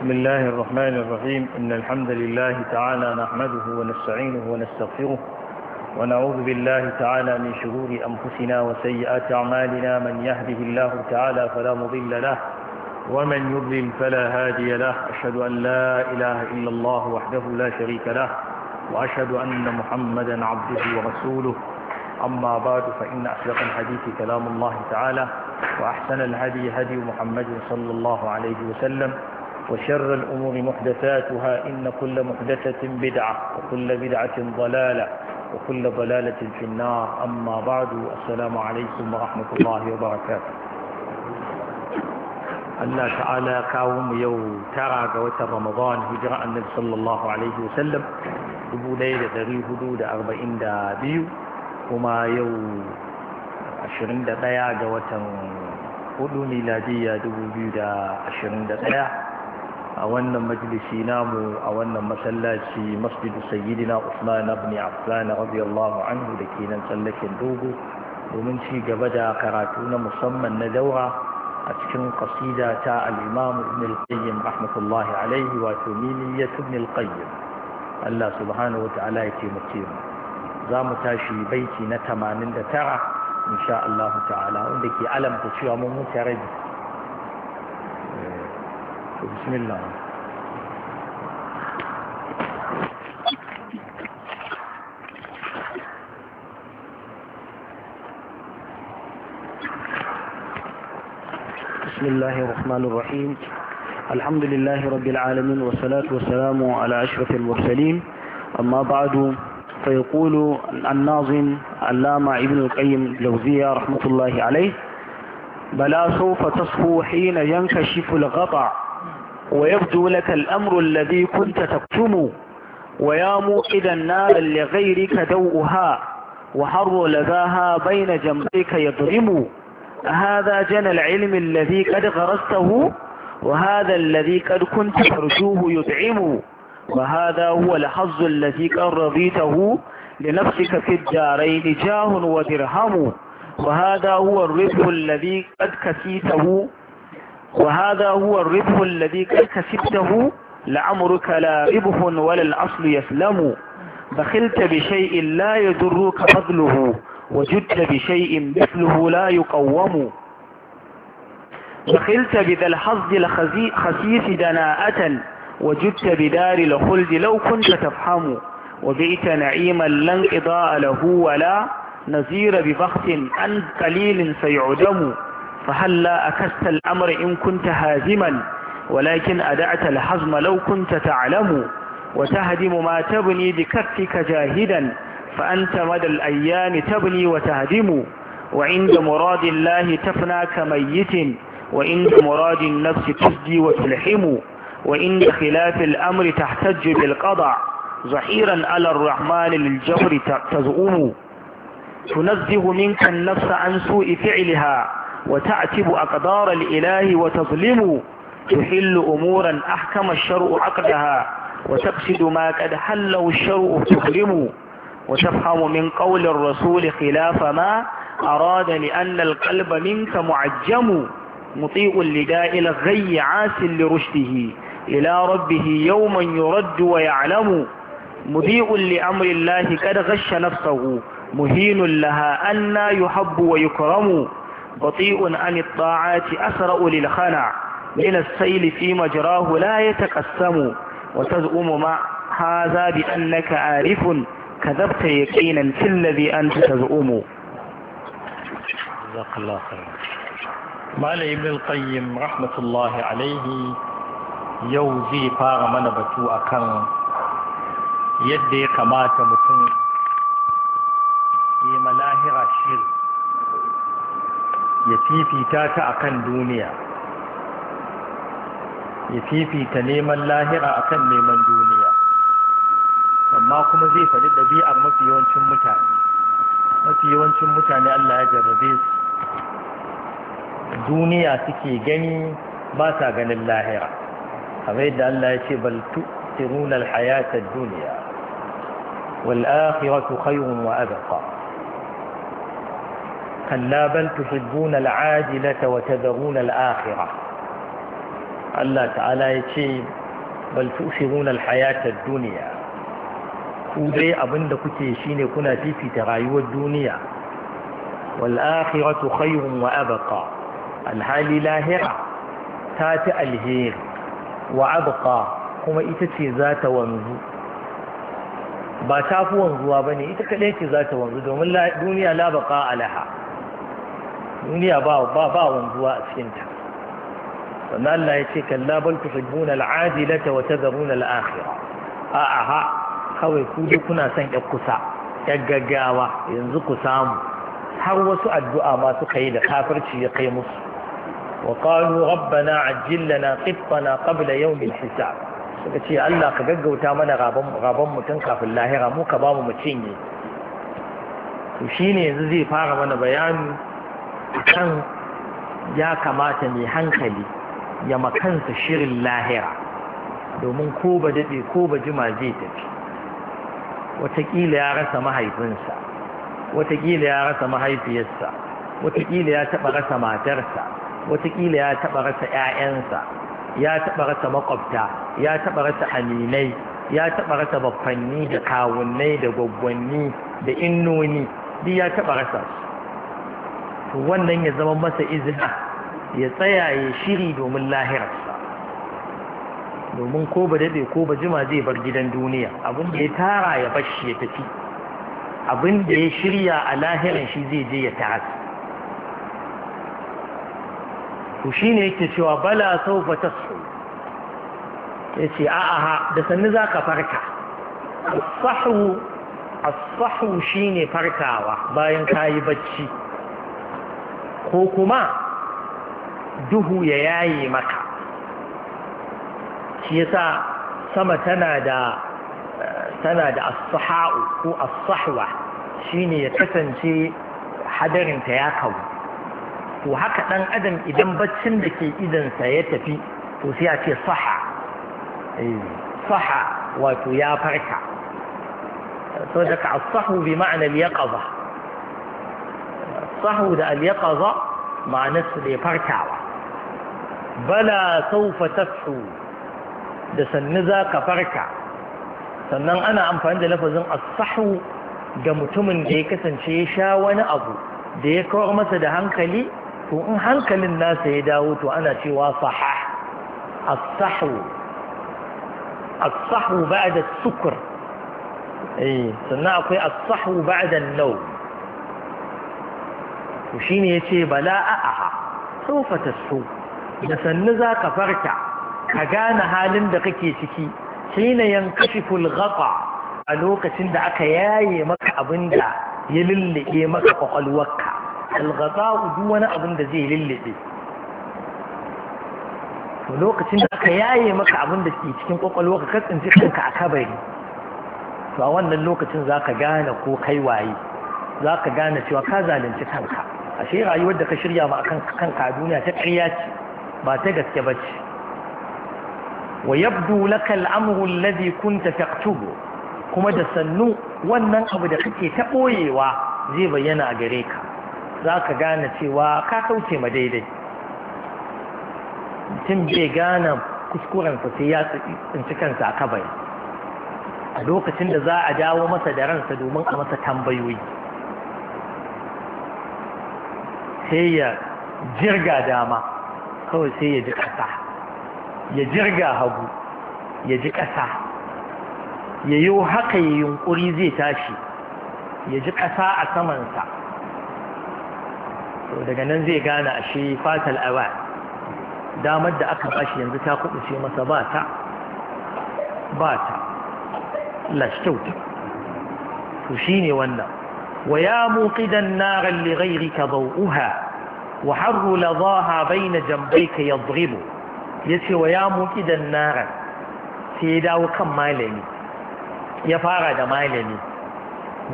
بسم الله الرحمن الرحيم إن الحمد لله تعالى نحمده ونستعينه ونستغفره ونعوذ بالله تعالى من شرور أنفسنا وسيئات أعمالنا من يهده الله تعالى فلا مضل له ومن يضلل فلا هادي له أشهد أن لا إله إلا الله وحده لا شريك له وأشهد أن محمدا عبده ورسوله أما بعد فإن أصدق الحديث كلام الله تعالى وأحسن الهدي هدي محمد صلى الله عليه وسلم وشر الأمور محدثاتها إن كل محدثة بدعة وكل بدعة ضلالة وكل ضلالة في النار أما بعد السلام عليكم ورحمة الله وبركاته Allah ta'ala kawo mu yau tara ga watan Ramadan hijira annabi sallallahu alaihi wasallam dubu ɗaya da ɗari hudu da arba'in da biyu kuma yau ashirin da ɗaya ga watan hudu miladiyya dubu biyu da ashirin da ɗaya a wannan majalisi namu a wannan masallaci masjidu sayyidina Usman ibn Affan radiyallahu anhu da ke nan tsallaken dogo domin ci gaba da karatu na musamman na daura a cikin qasida ta al-Imam Ibn al-Qayyim rahmatullahi alayhi wa tumiliyat Ibn al-Qayyim Allah subhanahu wa ta'ala ya taimake mu za mu tashi baiti na 89 insha Allah ta'ala wanda ke alamta cewa mun mutarabi بسم الله بسم الله الرحمن الرحيم الحمد لله رب العالمين والصلاة والسلام على أشرف المرسلين أما بعد فيقول الناظم علامة ابن القيم لوزية رحمة الله عليه بلا سوف تصفو حين ينكشف الغطع ويبدو لك الأمر الذي كنت تكتم ويام إذا النار لغيرك دوءها وحر لذاها بين جنبيك يضرم هذا جنى العلم الذي قد غرسته وهذا الذي قد كنت ترجوه يدعم وهذا هو الحظ الذي قد رضيته لنفسك في الدارين جاه ودرهم وهذا هو الرزق الذي قد كسيته وهذا هو الربح الذي قد كسبته لعمرك لا ربح ولا الأصل يسلم بخلت بشيء لا يضرك فضله وجدت بشيء مثله لا يقوم بخلت بذا الحظ الخسيس دناءة وجدت بدار الخلد لو كنت تفهم وبئت نعيما لا انقضاء له ولا نزير ببخت أن قليل سيعدم فهلا أكست الأمر إن كنت هازما ولكن أدعت الحزم لو كنت تعلم وتهدم ما تبني بكفك جاهدا فأنت مدى الأيام تبني وتهدم وعند مراد الله تفنى كميت وعند مراد النفس تسدي وتلحم وعند خلاف الأمر تحتج بالقضع ظهيرا على الرحمن للجبر تزؤم تنزه منك النفس عن سوء فعلها وتعتب أقدار الإله وتظلم تحل أمورا أحكم الشرء عقدها وتقصد ما قد حله الشرء تظلم وتفهم من قول الرسول خلاف ما أراد لأن القلب منك معجم مطيء لداء الغي عاس لرشده إلى ربه يوما يرد ويعلم مذيء لأمر الله قد غش نفسه مهين لها أن يحب ويكرم بطيء عن الطاعات أسرأ للخنع من السيل في مجراه لا يتقسم وتزعم مع هذا بأنك عارف كذبت يقينا في الذي أنت تزعم جزاك الله خير مال ابن القيم رحمة الله عليه يوزي فار من بتوء كان يدي كما متن في ملاهر الشرك ya fifita ta akan duniya ya fifita neman lahira akan neman duniya amma kuma zai faɗi ɗabi'ar mafi yawancin mutane mafi yawancin mutane Allah ya jarrabe su duniya suke gani ba sa ganin lahira kamar yadda Allah ya ce bal tu'tiruna al-hayata duniya wal khayrun wa abqa كلا بل تحبون العاجلة وتذرون الآخرة الله تعالى يتشي بل تؤثرون الحياة الدنيا كودي أبن دكتي شيني كنا في في تغايو الدنيا والآخرة خير وأبقى الحال لاهرة تات الهير وأبقى كما إتتي ذات وانزو ba ta fi wanzuwa ba ne ita kaɗai ce za ta wanzu domin duniya labaka alaha duniya ba wanzuwa a cikin ta Allah ya ce kalla bal tuhibbuna al'ajilata wa tadharuna al a aha kawai ku duk kuna son ƴar kusa ƴar gaggawa yanzu ku samu har wasu addu'a ma suka yi da kafirci ya kai musu wa qalu rabbana ajjil lana qittana qabla yawm al-hisab suka ce Allah ka gaggauta mana raban raban mutun kafin lahira mu ka bamu mu cinye to shine yanzu zai fara mana bayani kan ya kamata mai hankali ya makansa shirin lahira domin ko ba daɗe ko ba jima zai tafi watakila ya rasa mahaifinsa watakila ya rasa mahaifiyarsa watakila ya taɓa rasa matarsa watakila ya taɓa rasa 'ya'yansa ya taɓa rasa makwabta ya taɓa rasa aminai ya taɓa rasa baffanni da kawunnai da gwaggwanni da innoni duk ya taɓa rasa su to wannan ya zama masa izina ya tsaya ya shiri domin lahirarsa domin ko ba daɗe ko ba jima zai bar gidan duniya abin da ya tara ya bashi ya tafi abin da ya shirya a lahirar shi zai je ya taras to shi ne yake cewa bala sau ba ta ya ce a'a da sannu za ka farka a asahu shi ne farkawa bayan ka yi bacci ko kuma duhu ya yaye maka shi yasa sama tana da tana da as-sahau ko as-sahwa shine ya kasance hadarinta ya kawo to haka dan adam idan baccin da ke sa ya tafi to sai a ce saha eh, saha wato ya farka so daga as-sahu bi ma'ana al-yaqadha as-sahu da al-yaqaza ma'anarsu da farkawa bala sawfa tashu da sannu farka sannan ana amfani da lafazin as-sahu ga mutumin da ya kasance ya sha wani abu da ya kawar masa da hankali to in hankalin nasa ya dawo to ana cewa sahah as-sahu as-sahu ba'da sukr eh sannan akwai as-sahu ba'da an-nawm to ya ce, bala a'a sawfa tasu da sannu za ka farka ka gane halin da kake ciki shine yankashifu al-ghafa a lokacin da aka yaye maka abin da ya lullube maka kwakwalwarka al-ghafa duk wani abin da zai lullube to lokacin da aka yaye maka abin da ke cikin kwakwalwarka ka tsinci kanka a kabari to a wannan lokacin za ka gane ko kai waye za ka gane cewa ka zalunci kanka ashe rayuwar da ka shirya ma akan kanka duniya ta karya ce ba ta gaske ba ce wa yabdu laka al'amru kun kunta taqtubu kuma da sannu wannan abu da kake ta ɓoyewa zai bayyana a gare ka za ka gane cewa ka kauce ma daidai mutum bai gane kuskurensa sai ya tsinci kansa a kabari a lokacin da za a dawo masa da ransa domin a masa tambayoyi sai ya jirga dama kawai sai ya ji ƙasa ya jirga hagu ya ji ƙasa ya yi haka ya yunƙuri zai tashi ya ji ƙasa a samansa to daga nan zai gane a shi fatal awa damar da aka bashi yanzu ta kuɗuce masa ba ta ba ta to shi ne wannan ويا موقدا نارا لغيرك ضوءها وحر لظاها بين جنبيك يضرب يسي ويا موقدا نارا سيداو كم مالني يفارد مالني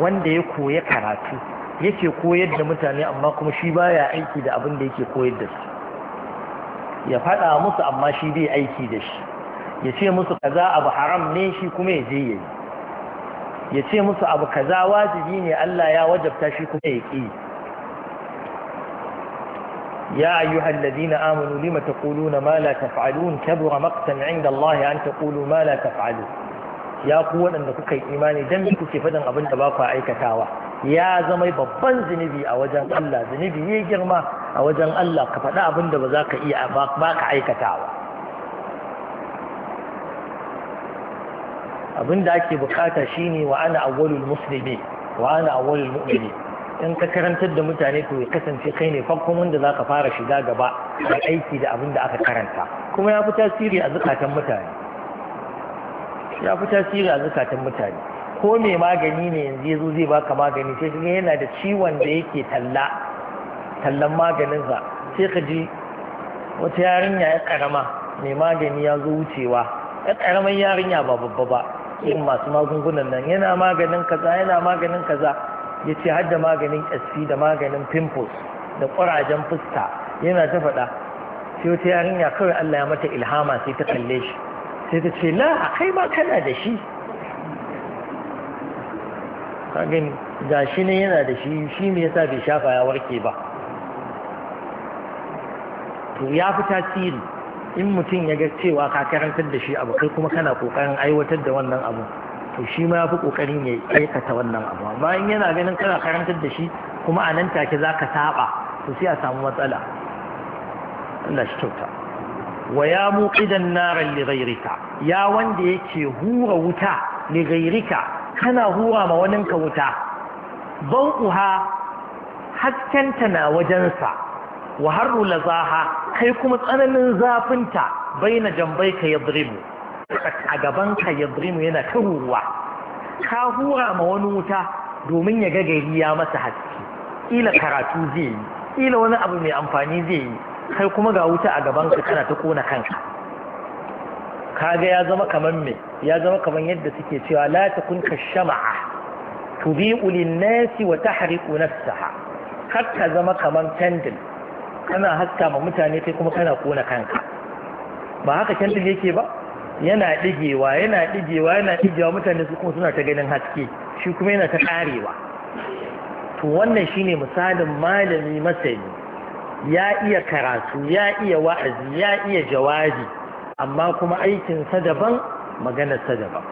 wanda ya koya karatu yake koyar da mutane amma kuma shi baya aiki da abin da yake koyar da su ya faɗa musu amma shi bai aiki da shi ya ce musu kaza abu haram ne shi kuma ya je yayi ya ce musu abu kaza wajibi ne Allah ya wajabta shi kuma ya ƙi ya ayu halladina amunu lima ta kulu na mala ta fa’alun kebura maktan inda Allah an ta kulu mala ta fa’alu ya ku waɗanda kuka yi imani don biku ke fadin abin da ba aikatawa ya zama babban zunubi a wajen Allah zunubi ya girma a wajen Allah ka faɗa abinda da ba za ka iya baka ka aikatawa Abin da ake bukata shine wa ana awwalul muslimi wa ana awwalul mu'mini in ka karantar da mutane to ya kasance kai ne farko wanda ka fara shiga gaba da aiki da abin da aka karanta kuma ya fi tasiri a zukatan mutane ya fi tasiri a zukatan mutane ko mai magani ne yanzu yazo zai baka magani sai kaga yana da ciwon da yake talla tallan sa sai ka ji wata yarinya ya karama mai magani ya zo wucewa ya karamar yarinya ba babba ba irin masu magungunan nan yana maganin kaza yana maganin kaza ya ce har da maganin ƙasfi da maganin pimples da ƙwarajen fuska yana ta faɗa sai wata yarinya kawai Allah ya mata ilhama sai ta kalle shi sai ta ce la kai ma kana da shi kagin ga shi ne yana da shi shi ne yasa bai shafa ya warke ba to ya fi tasiri in mutum ya ga cewa ka karantar da shi abu kai kuma kana kokarin aiwatar da wannan abu to shi ma fi kokarin ya aikata wannan abu bayan yana ganin kana karantar da shi kuma a nan take za ka saba to sai a samu matsala Allah shi kyauta wa ya muqidan naran li ghayrika ya wanda yake hura wuta li ghayrika kana hura ma waninka wuta Ban uha, haskanta na wajensa wa harru lazaha kai kuma tsananin zafinta baina jambai ka yadribu a gaban ka yadribu yana ta ka hura ma wani wuta domin ya ga gari ya masa haske ila karatu zai yi ila wani abu mai amfani zai yi kai kuma ga wuta a gaban ka kana ta kona kanka kaga ya zama kaman me ya zama kaman yadda suke cewa la takun kashama'a tudi'u lin-nasi wa tahriqu nafsaha kar ka zama kaman candle kana haska ma mutane kai kuma kana kona kanka ba haka kentin yake ba yana digewa yana digewa yana digewa mutane su kuma suna ta ganin haske shi kuma yana ta karewa to wannan shine misalin malami masani ya iya karatu ya iya wa'azi ya iya jawabi amma kuma aikin sa daban sa daban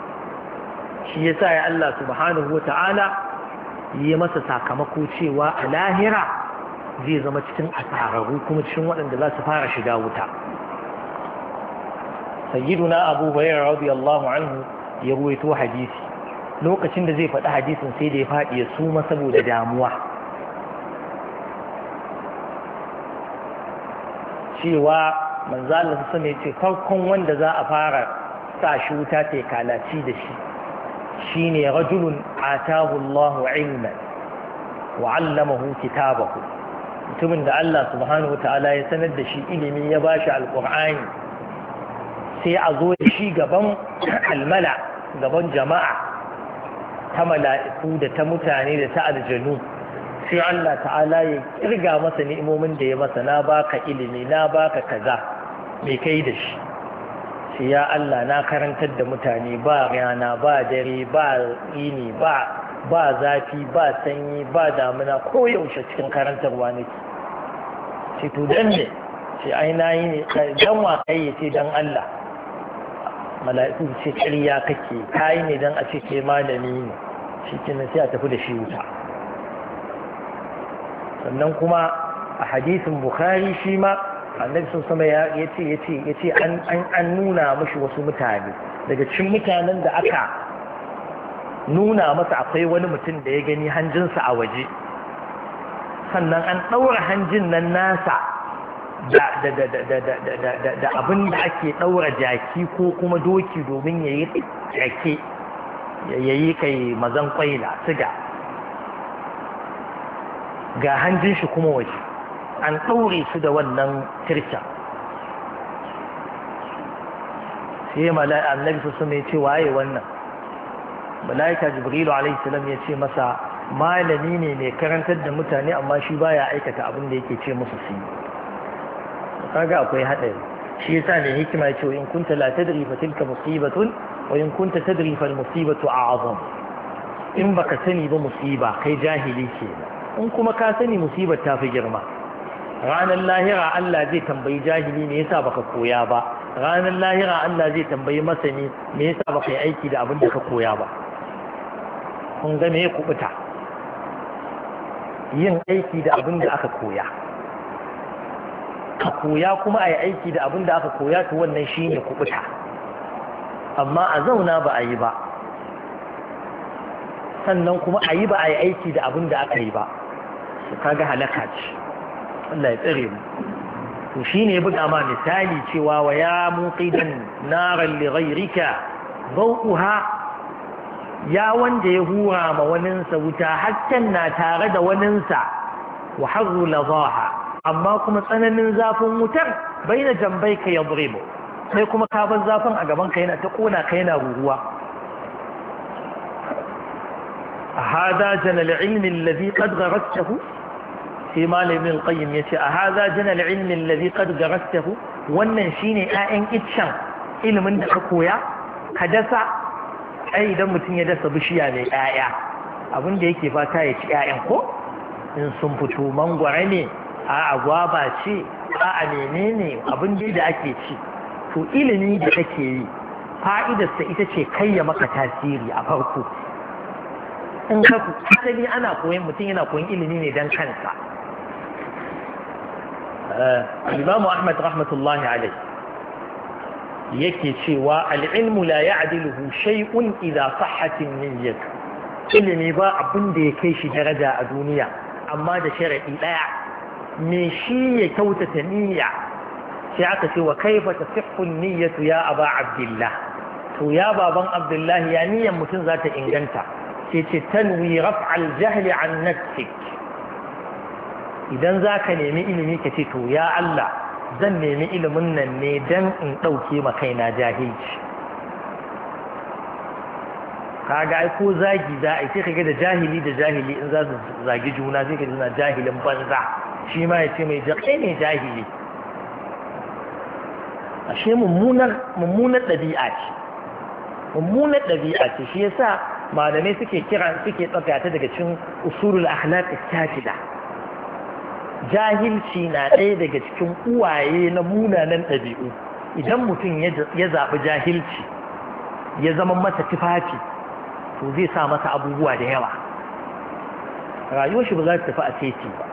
shi yasa ya Allah subhanahu wata'ala ta'ala yi masa sakamako cewa a lahira zai zama cikin asararru kuma cikin waɗanda za su fara shiga wuta sayyiduna abu bayar radiyallahu anhu ya ruwaito hadisi lokacin da zai faɗi hadisin sai da ya faɗi ya suma saboda damuwa cewa manzalin su ne ce farkon wanda za a fara sa shi wuta ta kalaci da shi shine rajulun atahu Allahu ilman wa kitabahu mutumin da Allah subhanahu ta'ala ya sanar da shi ilimi ya ba shi alƙur'ani sai a zo da shi gaban almala gaban jama'a ta mala'iku da ta mutane da ta aljanu sai Allah ta'ala ya kirga masa ni'imomin da ya masa na baka ilimi na baka kaza mai kai da shi sai ya Allah na karantar da mutane ba rana ba dare ba ini ba ba zafi ba sanyi ba damina ko yaushe cikin karantarwa nake ce to dan ne ce ai yi ne dan wa kai ya ce dan Allah mala'iku ce ƙarya kake kai ne dan a ce ke malami ne shi kenan sai a tafi da shi wuta sannan kuma a hadisin bukhari shi ma annabi sun sama ya ce ya ce an nuna mashi wasu mutane daga cikin mutanen da aka nuna masa akwai wani mutum da ya gani hanjinsa a waje sannan an ɗaura hanjin nan nasa da abin da ake ɗaura jaki ko kuma doki domin ya yi jake ya yi kai mazan kwaila siga ga hanjin shi kuma waje an ɗaure su da wannan kirkin sai mala annabi su mai ce yi wannan mala'ika jibrilu alaihi salam ya ce masa malami ne mai karantar da mutane amma shi baya aikata abin da yake ce musu su yi kaga akwai haɗari shi yasa ne hikima ya ce in kunta la tadri fa tilka musibatun wa in kunta tadri fa musibatu a'zam in baka sani ba musiba kai jahili ke in kuma ka sani musibar ta fi girma ranar lahira Allah zai tambayi jahili me yasa baka koya ba ranar lahira Allah zai tambayi masani me yasa baka yi aiki da abin da ka koya ba kun ga me kubuta yin aiki da abin da aka koya ka koya kuma a yi aiki da abin da aka koya to wannan shi ne kubuta amma a zauna ba a yi ba sannan kuma a yi ba a yi aiki da abin da aka yi ba su kaga halaka ce Allah ya tsire mu to shi ne buga ma misali cewa wa ya muqidan naran li ghayrika bawuha ya wanda ya hura ma waninsa wuta haccen na tare da waninsa wa harru ladaha amma kuma tsananin zafin wutar baina jambai ka yadribu sai kuma ka bar zafin a gaban ka yana ta kona ka yana ruruwa hada janal ilmi alladhi qad gharatahu sai malamin alqayyim yace a hada janal ilmi alladhi qad gharatahu wannan shine 'ya'yan iccen ilmin da ka koya ka dasa ai idan mutum ya dasa bishiya mai ƴaƴa abin da yake fata ya ci ƴaƴan ko in sun fito mangwara ne a agwaba ce a a menene abin da ake ci to ilimi da kake yi fa'idarsa ita ce kai ya maka tasiri a farko in ka asali ana koyon mutum yana koyon ilimi ne don kansa eh, imamu Ahmad rahmatullahi alaihi yake cewa al'ilmu la ya'diluhu shay'un idza fahatin niyyat ilimi ba abin da ya kai shi daraja a duniya amma da sharadi ɗaya. me shi ya kyautata niyya sai aka cewa wa kaifa tasihhu niyyatu ya aba abdullah to ya baban abdullahi ya niyyar mutum za ta inganta sai ce tanwi raf'al jahli an nafsik idan za ka nemi ilimi ka ce to ya Allah zan nemi ilimin nan ne don in ɗauke ma kaina jahilci Ka ai ko zagi za a yi sai kage da jahili da jahili in za su zagi juna sai ka juna jahilin banza shi ma ya ce mai jakai ne jahili ashe mummunar ɗabi'a ce mummunar ɗabi'a ce shi yasa malamai suke kira suke tsakata daga cikin usulul akhlaq as jahilci na ɗaya daga cikin uwaye na munanan ɗabi'u idan mutum ya zaɓi jahilci ya zama masa tufafi to zai sa masa abubuwa da yawa rayuwar shi ba za ta tafi a teci ba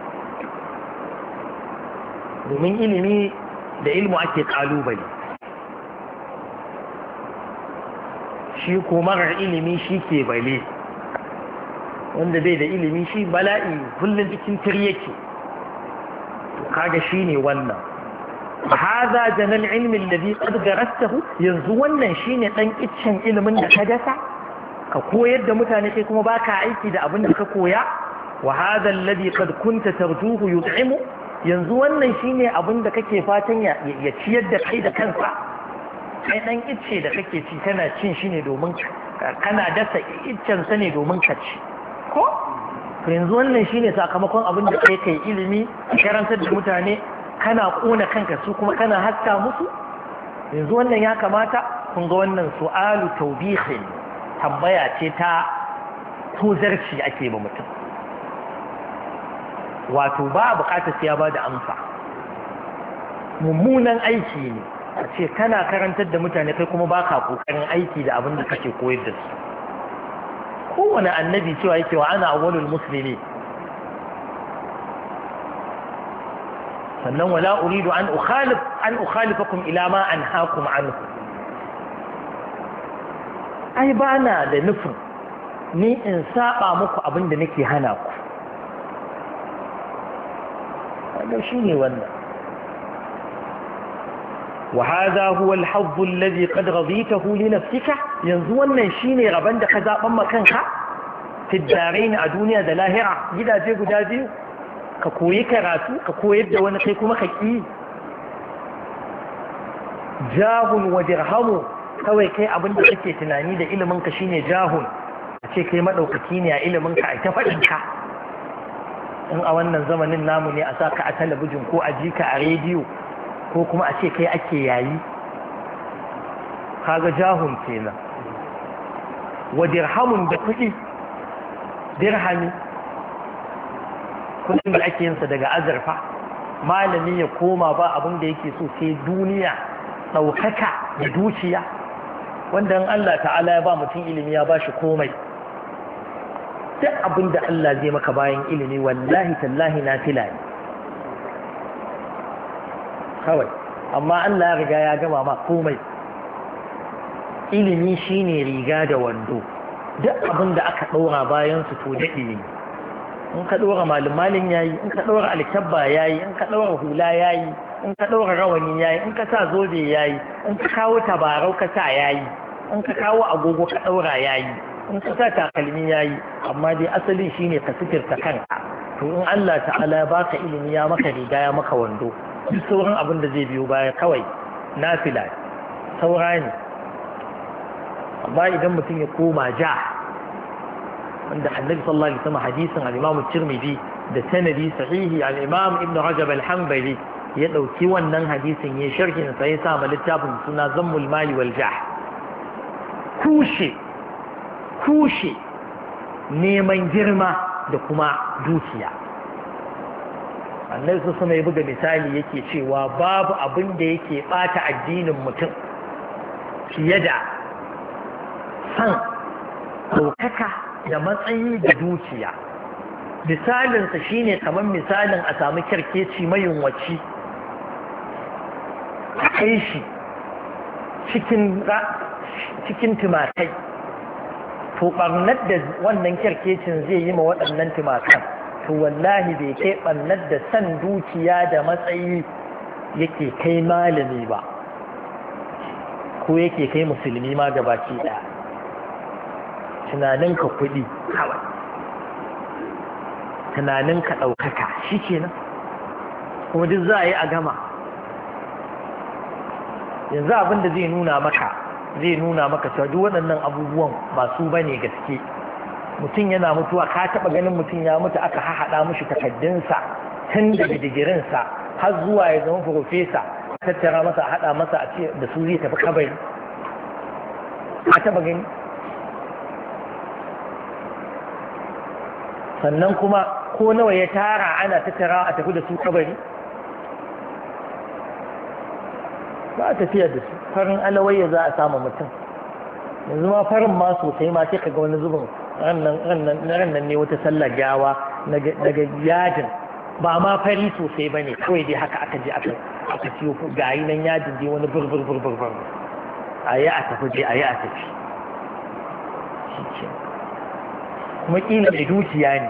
domin ilimi da ilmu ake ƙalubale shi komarar ilimi shi ke bale wanda bai da ilimi shi bala'i kullum cikin tir yake kaga shine wannan hadha janal ilmi alladhi qad garastahu yanzu wannan shine dan iccen ilimin da ka dasa ka koyar da mutane kai kuma baka aiki da abin da ka koya wa hadha alladhi qad kunta tarjuhu yut'imu yanzu wannan shine abin da kake fatan ya ciyar da kai da kansa kai dan icce da kake ci kana cin shi ne domin kana dasa iccen sa ne domin ka ci ko yanzu wannan shine sakamakon abin da kai kai ilimi karantar da mutane kana kona kanka su kuma kana haska musu yanzu wannan ya kamata kun ga wannan su'alu tawbihin tambaya ce ta tozarci ake ba mutum wato ba a bukatar sai ya da amsa mummunan aiki ne a ce kana karantar da mutane kai kuma baka kokarin aiki da abin da kake koyar da su kowane annabi cewa yake wa ana awwalul muslimin sannan wala uridu an ukhalif an ukhalifakum ila ma anhaakum anhu ai bana da nufin ni in saba muku abin da nake hana ku wannan ne wannan وهذا هو الحظ ta huli na لنفسك Yanzu wannan shine rabon da ka zaban makanka tiddarin a duniya da lahira gidaje guda biyu ka koyi karatu ka koyar da wani kai kuma ka ki jahun wa dirhamu kawai kai abinda kake tunani da ilimin shine jahun a ce kai madaukaki ne a ilimin aita a in a wannan zamanin namu ne a saka a talabijin ko a jika a rediyo ko kuma a ce kai ake yayi kaga jahun kenan wa dirhamun da kudi dirhami kuɗin da ake yinsa daga azurfa malami ya koma ba abin da yake so sai duniya ɗaukaka da dukiya wanda in Allah ta'ala ya ba mutum ilimi ya ba shi komai duk abin da Allah zai maka bayan ilimi wallahi tallahi na filaye kawai amma Allah ya riga ya gama ma komai ilimi shine riga da wando duk abin da aka ɗora bayan su to daɗi ne in ka ɗora ya yayi in ka ɗora alkyabba yayi in ka ɗora hula yayi in ka ɗora rawani yayi in ka sa zobe yayi in ka kawo tabarau ka sa yayi in ka kawo agogo ka ɗora yayi in ka sa takalmi yayi amma dai asalin shine ka sitirta kanka to in Allah ta'ala ya baka ilimi ya maka riga ya maka wando duk sauran abin da zai biyo baya kawai nafila saura ne amma idan mutum ya koma ja wanda annabi sallallahu alaihi wasallam hadisin al-Imam Tirmidhi da sanadi sahihi al-Imam Ibn Rajab al-Hanbali ya dauki wannan hadisin ya sharhin sa ya sa littafin suna Zammul Mali wal Jah kushe kushe neman girma da kuma dukiya annabi su suna yi buga misali yake cewa babu abin da yake bata addinin mutum fiye da san ɗaukaka da matsayi da dukiya misalinsa ne kamar misalin a sami kyarkeci wacce a kai shi cikin tumatai. to ɓarnar da wannan kyarkecin zai yi ma waɗannan tumatai. to wallahi bai kai ɓannar da san dukiya da matsayi yake kai malami ba ko yake kai musulmi ma gabaki ɗaya tunaninka kuɗi kawai tunaninka ɗaukaka shi ke nan. kuma duk za a yi a gama yanzu abinda da zai nuna maka zai nuna maka cewa duk waɗannan abubuwan ba su bane gaske mutum yana mutuwa ka taɓa ganin mutum ya mutu aka haɗa mushi takaddunsa tun daga digirinsa har zuwa ya zama farfesa tattara masa a haɗa masa a ce da su zai tafi kabari ka taɓa gani sannan kuma ko nawa ya tara ana tattara a tafi da su kabari ba a tafiya da su farin alawai ya za a samu mutum yanzu ma farin ma sosai ma sai ka ga wani zubin rannan ne wata sallar gawa daga yajin ba ma fari sosai ba ne kawai dai haka aka je aka ciyo gayi nan yajin dai wani burburburburbur a yi a tafi je a yi a tafi kuma ina mai dukiya ne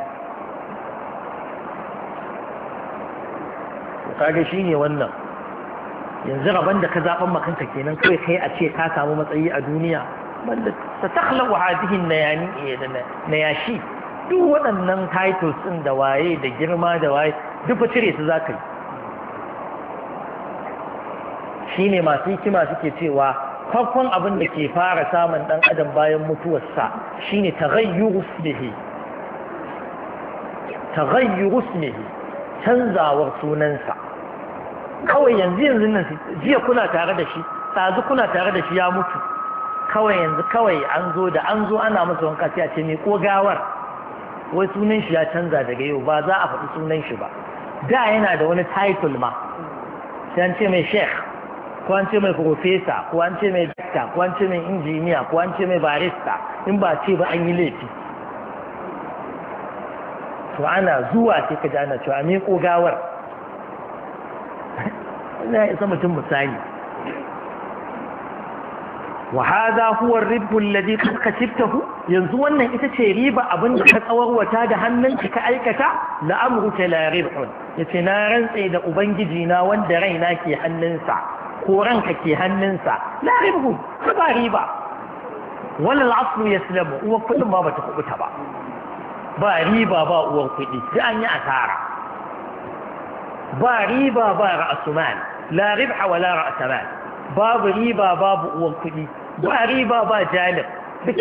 kaga shi ne wannan yanzu rabon da ka zaɓen makanta kenan kawai kai a ce ka samu matsayi a duniya ستخلو هذه النياشي duk waɗannan titles ɗin da waye da girma da waye duk cire su za ka yi shi ne masu hikima suke cewa farkon abin da ke fara samun ɗan adam bayan mutuwarsa shi ne taghayyurus mihi canzawar sunansa kawai yanzu yanzu nan jiya kuna tare da shi ɗazu kuna tare da shi ya mutu kawai yanzu kawai an zo da an zo ana masa wanka sai a ce mai ko gawar wai sunan shi ya canza daga yau ba za a faɗi sunan shi ba da yana da wani title ma sai an ce mai sheikh ko an ce mai professor ko an ce mai doctor ko an ce mai injiniya ko an ce mai barista in ba ce ba an yi laifi to ana zuwa sai ka ji ana cewa mai ko gawar na isa mutum misali wa hadha huwa ar-ribhu alladhi kasibtahu yanzu wannan ita ce riba abin ka tsawarwata da hannunki ka aikata la amruka la ribhun yace na rantsa da ubangiji na wanda raina ke hannunsa ko ranka ke hannunsa la ribhun ba riba wala al-aslu yaslamu uwar kudin ma bata kubuta ba ba riba ba uwar kudi sai an yi asara ba riba ba ra'asuman la ribha wala ra'asuman babu riba babu uwar kudi ba riba ba jalib duk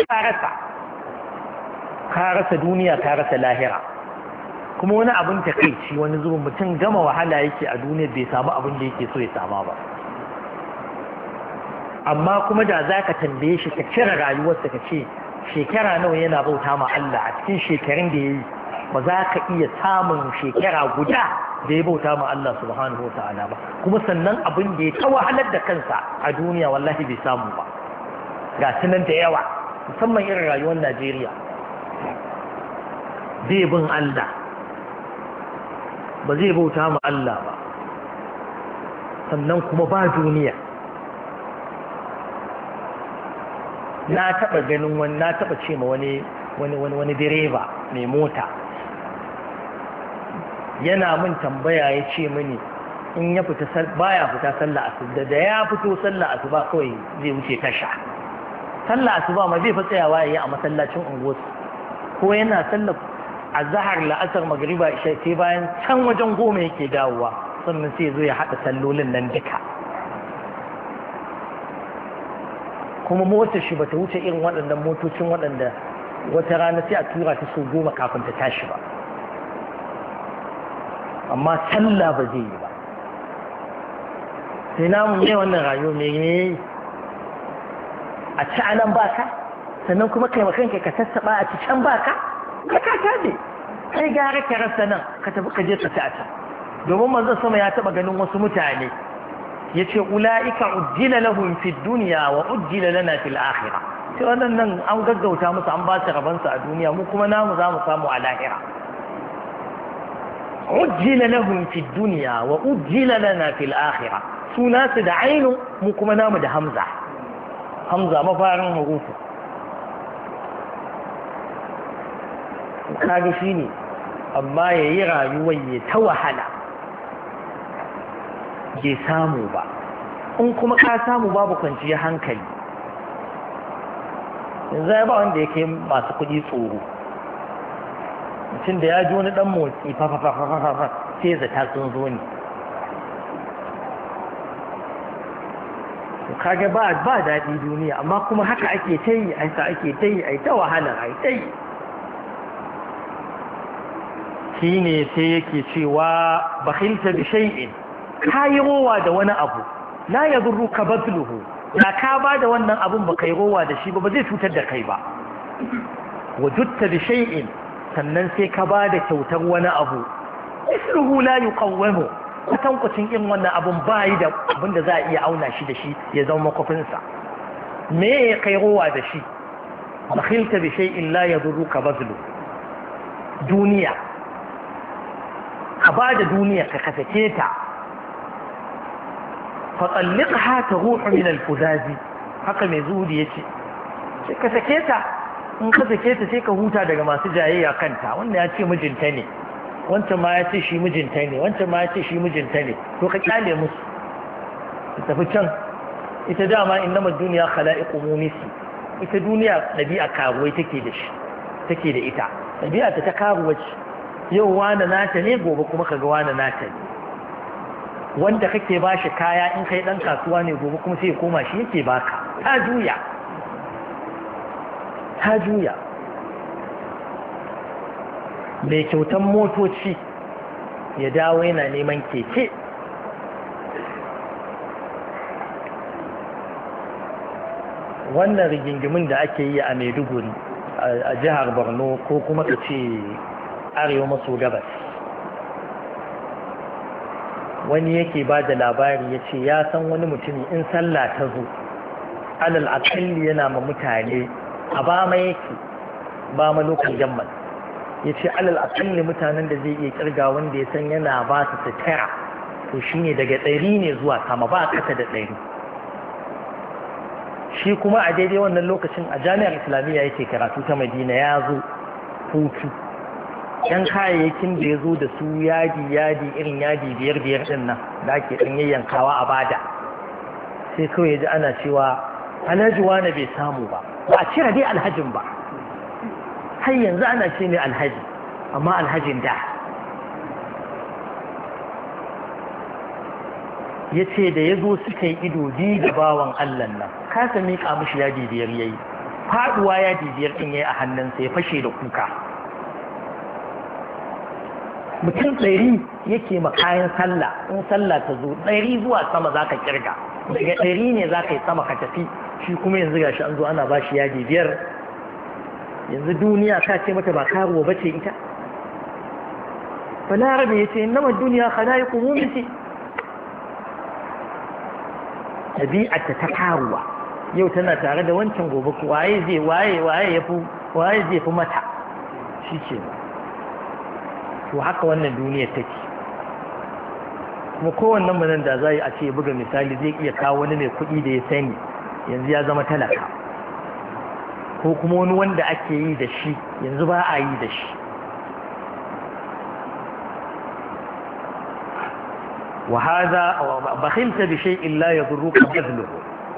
ka rasa duniya karasa lahira kuma wani abin takaici wani zuwa mutum gama wahala yake a duniya bai samu abin da yake so ya sama ba amma kuma da za ka tambaye shi ka cire rayuwarsa ka ce shekara nawa yana bauta ma Allah a cikin shekarun da ya yi ba za ka iya samun shekara guda da ya bauta ma Allah subhanahu wa ta'ala ba kuma sannan abin da ya ta wahalar da kansa a duniya wallahi bai samu ba ga sunan da yawa musamman irin rayuwar najeriya Zai bin allah ba zai bauta ma allah ba sannan kuma ba duniya na taɓa ganin wani na taɓa ce ma wani wani wani wani direba mai mota yana min tambaya ya ce mini in ya fita baya fita sallah asuba da ya fito sallah asuba kawai zai wuce tasha sallah asuba ma zai fi tsayawa yi a masallacin unguwar ko yana sallar azhar la'asar magriba isha sai bayan can wajen goma yake dawowa sannan sai zo ya hada sallolin nan duka kuma motar shi bata wuce irin waɗannan motocin waɗanda wata rana sai a tura ta sau goma kafin ta tashi ba amma sallah ba zai yi ba sai namu ne wannan rayuwa mai a ci nan baka sannan kuma kai ma kanka ka sassaba a ci can baka ka ka ne kai gara ka rasa nan ka tafi ka je ka ci domin manzon sama ya taba ganin wasu mutane yace ulaika ujjila lahum fid duniya wa ujjila lana fil akhirah sai wannan nan an gaggauta musu an ba su rabansu a duniya mu kuma namu za mu samu a lahira ujjila lahum fid duniya wa ujjila lana fil akhirah su nasu da ainu mu kuma namu da hamza hamza mafarin hurufu kaga shi ne amma ya yi rayuwar ya ta wahala bai samu ba in kuma ka samu babu kwanciyar hankali yanzu ya ba wanda ya kai masu kuɗi tsoro mutum da ya ji wani ɗan motsi fafafafafafa sun zo ne ga ba ba daɗi duniya amma kuma haka ake ta yi a ake ta yi a ta wahala a ta yi shi ne sai yake cewa bakhilta bi shay'in ka yi rowa da wani abu ya yadurru ka badluhu da ka ba da wannan abun ba yi rowa da shi ba ba zai cutar da kai ba wajutta bi shay'in sannan sai ka ba da kyautar wani abu isluhu la yuqawwamu kwatankwacin in wannan abun bayi da abin da za a iya auna shi da shi ya zama makwafinsa me ya kai rowa da shi bakhilta bi shay'in la yadurruka bazlu duniya ka ba duniya ka kasace ta fa ta ruhu min al-fuzazi haka mai zuri yace ka kasace ta in ka sake ta sai ka huta daga masu jayayya kanta Wannan ya ce mijinta ne wancan ma ya ce shi mijinta ne wancan ma ya ce shi mijinta ne to ka kyale musu su tafi can ita dama ma duniya khala'iqu mumisi ita duniya ɗabi'a karuwai take da shi take da ita ɗabi'a ta ta karuwai yau wani nata ne gobe kuma kaga wani nata ne wanda kake ba shi kaya in kai ɗan kasuwa ne gobe kuma sai ya koma shi yake baka ta juya ta juya mai kyautan motoci ya dawo yana neman keke wannan rigingimin da ake yi a maiduguri a jihar borno ko kuma ka ce arewa maso gabas wani yake ba da labari ya ce ya san wani mutum in sallah ta zo alal akalli yana ma mutane a ba ma yake ba ma lokacin jamman ya ce alal akalli mutanen da zai iya kirga wanda ya san yana ba su sutura to shi ne daga ɗari ne zuwa sama ba kasa da ɗari shi kuma a daidai wannan lokacin a jami'ar islamiyya yake karatu ta madina ya zo hutu yan kayayyakin da ya zo da su yadi yadi irin yadi biyar biyar din nan da ake ɗan yayyankawa a bada sai kawai ya ji ana cewa alhaji wani bai samu ba ba a cire dai alhajin ba har yanzu ana ce mai alhaji amma alhajin da ya ce da ya zo suka yi ido biyu da bawan Allah nan kasa miƙa mashi yadi biyar ya yi faɗuwa yadi biyar ɗin ya yi a hannunsa ya fashe da kuka mutum ɗari yake ma kayan sallah in sallah ta zo ɗari zuwa sama za ka kirga daga ɗari ne za ka yi sama ka tafi shi kuma yanzu gashi an zo ana ba shi yadi biyar yanzu duniya ka ce mata ba karuwa ce ita balarabe ya ce nama duniya halayi kumumi ce ɗabi'arta ta karuwa yau tana tare da wancan gobe waye zai fi mata shi ce to haka wannan duniya take kuma kowannen manan da za a ce buga misali zai iya kawo wani mai kuɗi da ya sani yanzu ya zama talaka ko kuma wani wanda ake yi da shi yanzu ba a yi da shi wahaza bakhilta bi shay'in la yadurruka badluhu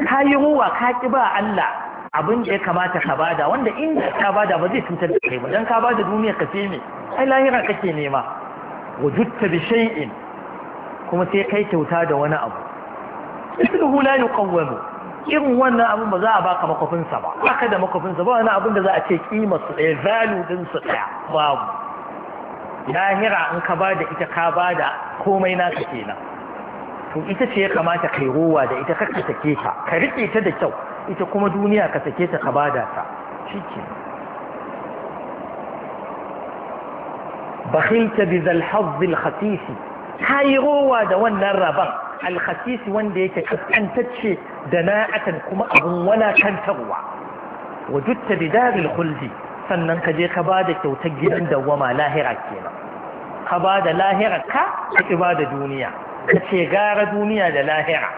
kayi ruwa ka ki ba Allah abin da ya kamata ka bada wanda in ka bada ba zai cutar da kai ba dan ka bada duniya ka sai ai lahira kake nema wajutta bi shay'in kuma sai kai kyauta da wani abu mithluhu la yuqawwamu irin wannan abin ba za a baka makwafinsa ba haka da makwafinsa ba wani abin da za a ce kima su ɗaya zalu din su ɗaya babu lahira in ka ba da ita ka ba da komai naka kenan to ita ce ya kamata kai rowa da ita kakka sake ta ka riƙe ta da kyau ita kuma duniya ka sake ta ka ba da ta shi bakhilta bi zal hazzil khatisi yi rowa da wannan rabar. alkhasisi wanda yake kaskantacce da na'atan kuma abun wala kantarwa wa dutta bidaril khuldi sannan ka je ka ba da kyautar gidan dawwama lahira kenan ka ba da lahira ka ka ki ba duniya ka ce gara duniya da lahira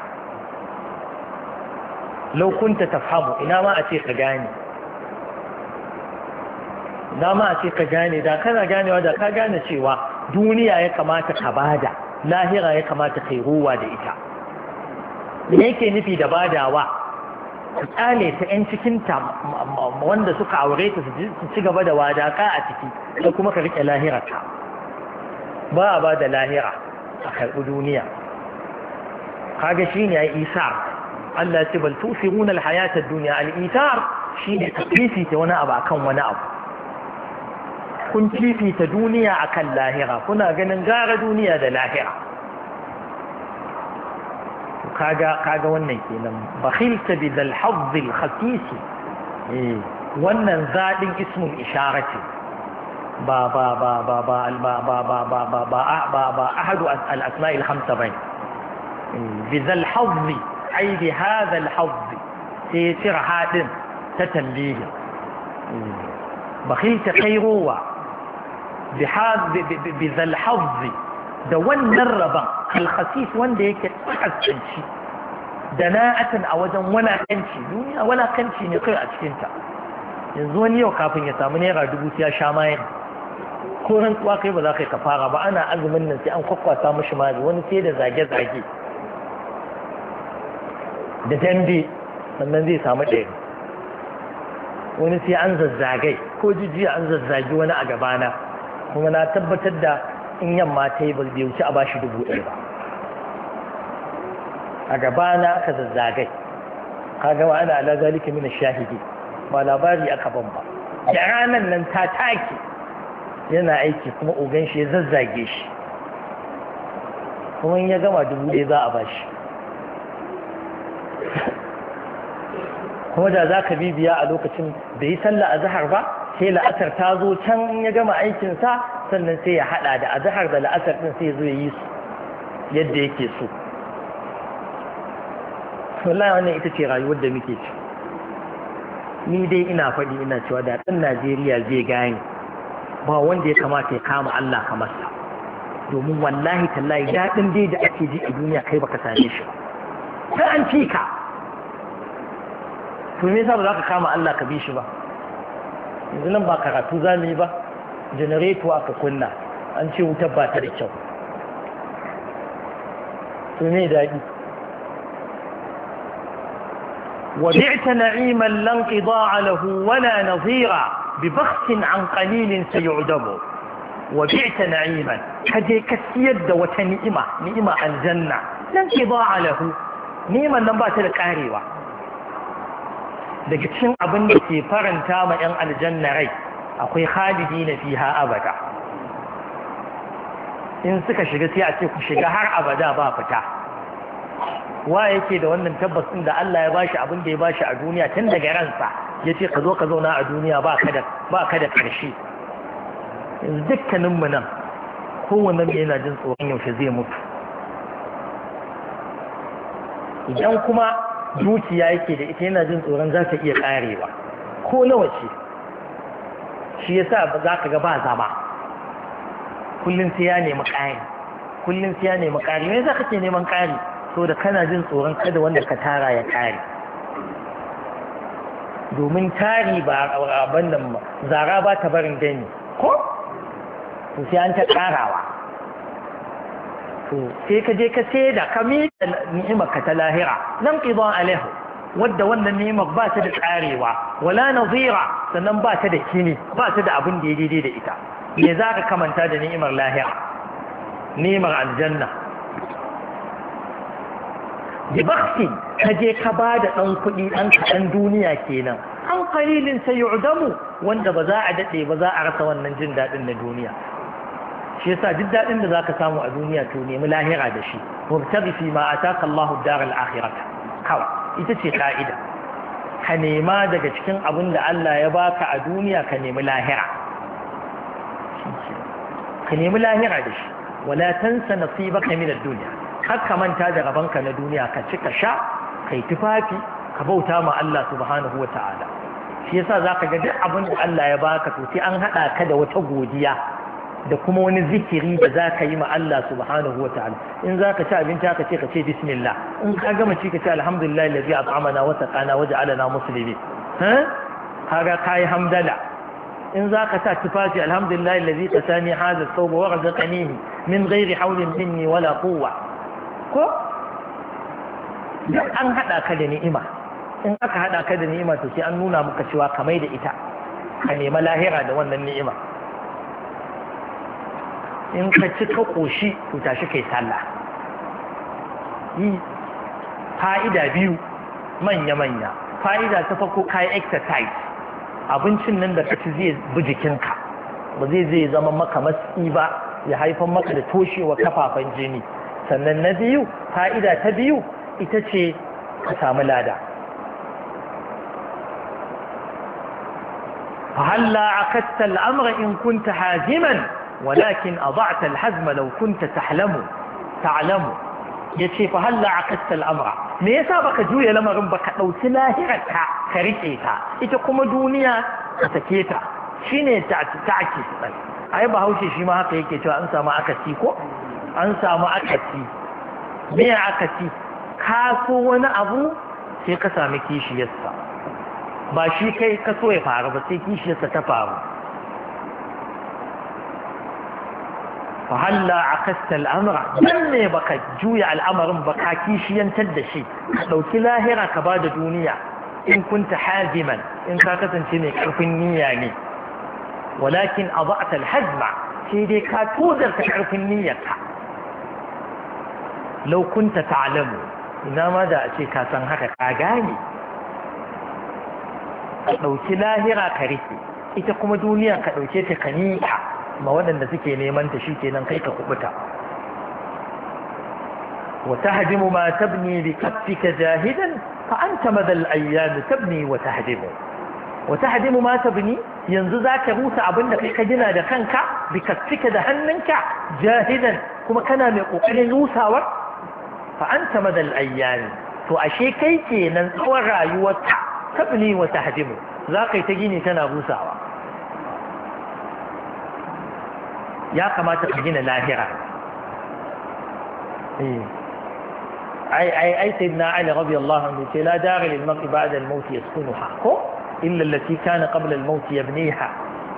lau kunta tafhamu ina ma a ce ka gane ina ma a ce ka gane da kana ganewa da ka gane cewa duniya ya kamata ka bada lahira ya kamata yi ruwa da ita me yake nufi da badawa ku tsale ta yan cikinta wanda suka aure ta su ci gaba da wadaka a ciki da kuma ka rike lahirarta ba a ba da lahira a karɓi duniya kaga shi ne isar Allah ci ce bal tusiruna alhayata ad-dunya al shi ne tafifi ta wani abu akan wani abu kun fifita duniya akan lahira kuna ganin gara duniya da lahira kaga kaga wannan kenan bakhilta bi dhal hadd al khasis wannan zadin ismul isharati ba ba ba ba ba ba ba ba ba ba ba ba ba ahadu al asma' al khamsa bain bi dhal hadd ay bi hadha al hadd sai tira hadin ta tambihi bakhilta khairuwa bizal da wannan rabon alhassis wanda yake tsakasanci da na'atan a wajen walakanci duniya walakanci ne kai a cikinta yanzu wani yau kafin ya samu naira dubu ya sha mayan ko tsuwa kai ba za ka yi kafara ba ana azumin nan sai an kwakwasa mashi mari wani sai da zage-zage da dambe sannan zai samu ɗaya wani sai an zazzagai ko jijiya an zazzagi wani a gabana kuma na tabbatar da in yamma ta yi bai wuce a bashi dubu ɗaya ba a gabana ka zazzagai ka gama ana ala zalika mina shahidi ba labari aka ban ba da ranar nan ta take yana aiki kuma ogan shi ya zazzage shi kuma ya gama dubu ɗaya za a bashi kuma da za ka bibiya a lokacin bai yi sallah a zahar ba sai la'asar ta zo can ya gama aikinsa sannan sai ya haɗa da azahar da la'asar ɗin sai zo ya yi su yadda yake so wallahi wannan ita ce rayuwar da muke ci ni dai ina faɗi ina cewa da ɗan najeriya zai gane ba wanda ya kamata ya kama allah kamar sa domin wallahi tallahi daɗin dai da ake ji a duniya kai baka same shi ta an fi ka to me yasa ba za ka kama allah ka bi shi ba yanzu nan ba karatu za mu yi ba janareto aka kunna an ce wutar ba ta da kyau to ne daɗi وبعت نعيما لا انقضاع له ولا نظيرا ببخس عن قليل سيعدم وبعت نعيما هذه كسيد وتنئمة نئمة الجنة لا انقضاع له نئمة لم بات لك أهريوة daga cikin abin da ke faranta ma 'yan aljanna rai akwai khalidi na fiha abada in suka shiga sai a ce ku shiga har abada ba fita wa yake da wannan tabbas da Allah ya bashi abin da ya bashi a duniya tun daga ransa ya ce ka zo ka zauna a duniya ba ka da ƙarshe dukkaninmu nan mai yana jin tsoron yaushe zai mutu idan kuma zuciya yake da ita yana jin tsoron za ta iya karewa ko nawa ce shi ya ba za ka ga ba zama kullum sai ya nemi ƙari kullum sai ya nemi ƙari me ka ke neman kari so da kana jin tsoron kada wanda ka tara ya kari domin tari ba a abin da zara ba ta barin gani ko to sai an ta ƙarawa to sai ka je ka saida ka miƙa ni'imar ka ta lahira nan qidan alaihu wadda wannan ni'imar ba ta da tsarewa wala nazira sannan ba ta da kini ba ta da abin da ya daidai da ita me za ka kamanta da ni'imar lahira ni'imar aljanna bi kaje ka je ka ba da ɗan kuɗi dan duniya kenan an kalilin sai yu'damu wanda ba za a daɗe ba za a rasa wannan jin daɗin na duniya shi yasa duk daɗin da zaka samu a duniya to nemi lahira da shi mubtaghi fi ma ataka daral akhirata kawai ita ce ka'ida ka nema daga cikin abin da Allah ya baka a duniya ka nemi lahira ka nemi lahira da shi wala tansa nasibaka min ad-dunya har ka manta da rabanka na duniya ka cika ka sha kai tufafi ka bauta ma Allah subhanahu wa ta'ala shi yasa zaka ga duk abin da Allah ya baka to sai an hada ka da wata godiya da kuma wani zikiri da za ka yi ma Allah subhanahu wa ta'ala in za ka ci abinci ka ce ka ce bismillah in ka gama ci ka ce alhamdulillah lazi a tsamana wata kana waje alana musulmi kaga ka yi hamdala in za ka sa tufafi alhamdulillah lazi ka sani hazar sau ba warar zaƙanihi min gairi haulin minni wala kowa ko duk an haɗa ka da ni'ima in aka haɗa ka da ni'ima to sai an nuna maka cewa ka mai da ita ka nema lahira da wannan ni'ima in ka ci ka ƙoshi to tashi kai sallah yi fa'ida biyu manya-manya fa'ida ta farko kayi exercise abincin nan da ka ci zai bi jikinka ba zai zai zama maka matsi ba ya haifar maka da toshewa kafafen jini sannan na biyu fa'ida ta biyu ita ce ka samu lada fahalla a kattal amra in kunta ولكن أضعت الحزم لو كنت تحلم تعلم يتشي فهلا عقدت الأمر me yasa baka juya lamarin baka ɗauki lahirarka ka rike ta ita kuma duniya ka sake ta shine ta ake tsal ai bahaushe shi ma haka yake cewa an samu akasi ko an samu akasi me akasi ka so wani abu sai ka sami kishiyarsa ba shi kai ka so ya faru ba sai kishiyarsa ta faru fa a kasta al'amra dan ne baka juya al'amarin baka kishiyantar da shi ka dauki lahira ka bada duniya in kunta haziman in ka kasance mai karfin niyya ne walakin adata al-hazma sai dai ka tozarta karfin niyyarka law kunta ta'lamu ina ma da a ce ka san haka ka gane ka ɗauki lahira ka rike ita kuma duniya ka ɗauke ta ka ma waɗanda suke neman ta shikenan kai ka kubuta wa tahdimu ma tabni bi kaffika jahidan fa anta madal ayyam tabni wa tahdimu wa tahdimu ma tabni yanzu zaka rusa abinda kai ka gina da kanka bi kaffika da ka jahidan kuma kana mai kokarin rusawa fa anta madal ayyam to ashe kai kenan tsawon rayuwarka tabni wa tahdimu za kai ta gini tana rusawa ya kamata ka gina lahira ai ai ai sayyidina ali radiyallahu anhu ce la dari lil mar'i ba'da al mawt yaskunuha ko illa allati kana qabla al mawt yabniha